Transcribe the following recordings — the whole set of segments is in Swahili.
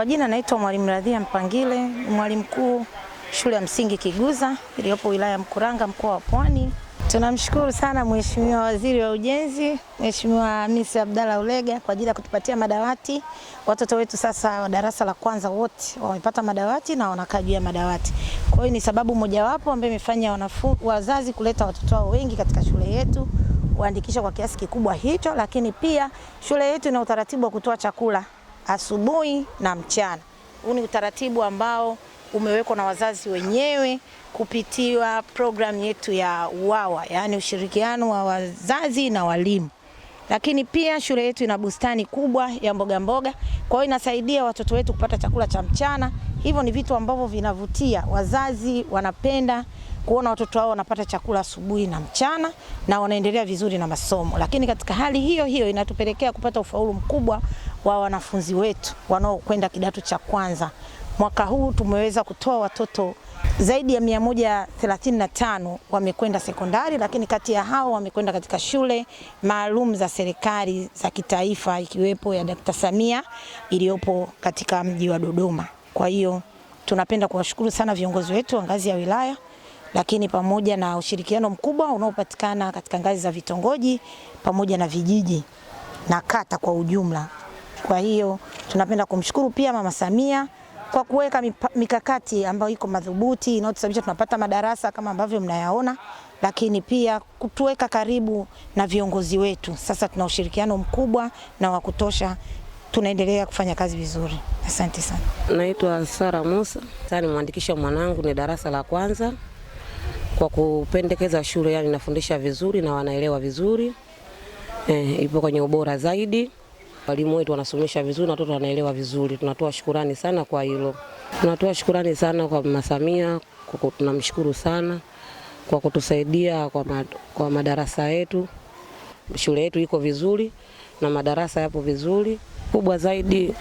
Kwa jina naitwa Mwalimu Radhia Mpangile, mwalimu mkuu shule ya msingi Kiguza iliyopo wilaya ya Mkuranga mkoa wa Pwani. Tunamshukuru sana Mheshimiwa Waziri wa Ujenzi, Mheshimiwa Hamisi Abdalla Ulega kwa ajili ya kutupatia madawati. Watoto wetu sasa wa darasa la kwanza wote wamepata madawati na wanakaa juu ya madawati. Kwa hiyo ni sababu mojawapo ambayo imefanya wazazi kuleta watoto wao wengi katika shule yetu kuandikisha kwa kiasi kikubwa hicho, lakini pia shule yetu ina utaratibu wa kutoa chakula asubuhi na mchana. Huu ni utaratibu ambao umewekwa na wazazi wenyewe kupitia programu yetu ya UWAWA, yaani ushirikiano wa wazazi na walimu. Lakini pia shule yetu ina bustani kubwa ya mboga mboga, kwa hiyo inasaidia watoto wetu kupata chakula cha mchana. Hivyo ni vitu ambavyo vinavutia, wazazi wanapenda kuona watoto wao wanapata chakula asubuhi na mchana na wanaendelea vizuri na masomo. Lakini katika hali hiyo hiyo inatupelekea kupata ufaulu mkubwa wa wanafunzi wetu wanaokwenda kidato cha kwanza. Mwaka huu tumeweza kutoa watoto zaidi ya 135 wamekwenda sekondari, lakini kati ya hao wamekwenda katika shule maalum za serikali za kitaifa ikiwepo ya Dkt. Samia iliyopo katika mji wa Dodoma. Kwa hiyo tunapenda kuwashukuru sana viongozi wetu wa ngazi ya wilaya, lakini pamoja na ushirikiano mkubwa unaopatikana katika ngazi za vitongoji pamoja na vijiji na kata kwa ujumla. Kwa hiyo tunapenda kumshukuru pia Mama Samia kwa kuweka mikakati ambayo iko madhubuti inayotusababisha tunapata madarasa kama ambavyo mnayaona, lakini pia kutuweka karibu na viongozi wetu. Sasa tuna ushirikiano mkubwa na wa kutosha, tunaendelea kufanya kazi vizuri. Asante sana. Naitwa Sara Musa, sasa nimwandikisha mwanangu ni darasa la kwanza kwa kupendekeza shule, yani nafundisha vizuri na wanaelewa vizuri eh, ipo kwenye ubora zaidi. Walimu wetu wanasomesha vizuri, watoto wanaelewa vizuri. Tunatoa shukurani sana kwa hilo, tunatoa shukurani sana kwa Mama Samia, tunamshukuru sana kwa kutusaidia kwa, ma, kwa madarasa yetu. Shule yetu iko vizuri na madarasa yapo vizuri. Kubwa zaidi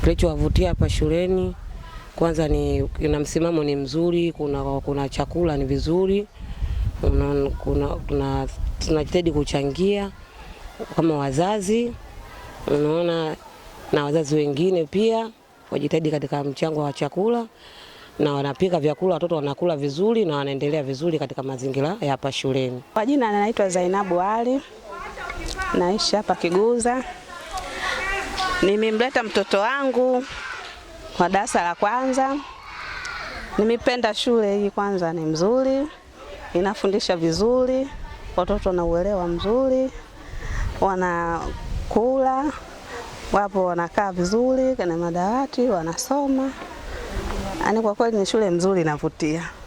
kilichowavutia hapa shuleni kwanza ni na msimamo ni mzuri, kuna, kuna chakula ni vizuri, tunajitahidi kuchangia kama wazazi unaona, na wazazi wengine pia wajitahidi katika mchango wa chakula na wanapika vyakula watoto wanakula vizuri na wanaendelea vizuri katika mazingira ya hapa shuleni. Kwa jina anaitwa Zainabu Ali, naishi hapa Kiguza. Nimemleta mtoto wangu wa darasa la kwanza. Nimependa shule hii, kwanza ni mzuri, inafundisha vizuri, watoto wana uelewa mzuri, wana kula, wapo wanakaa vizuri kwenye madawati wanasoma. Yaani kwa kweli ni shule nzuri inavutia.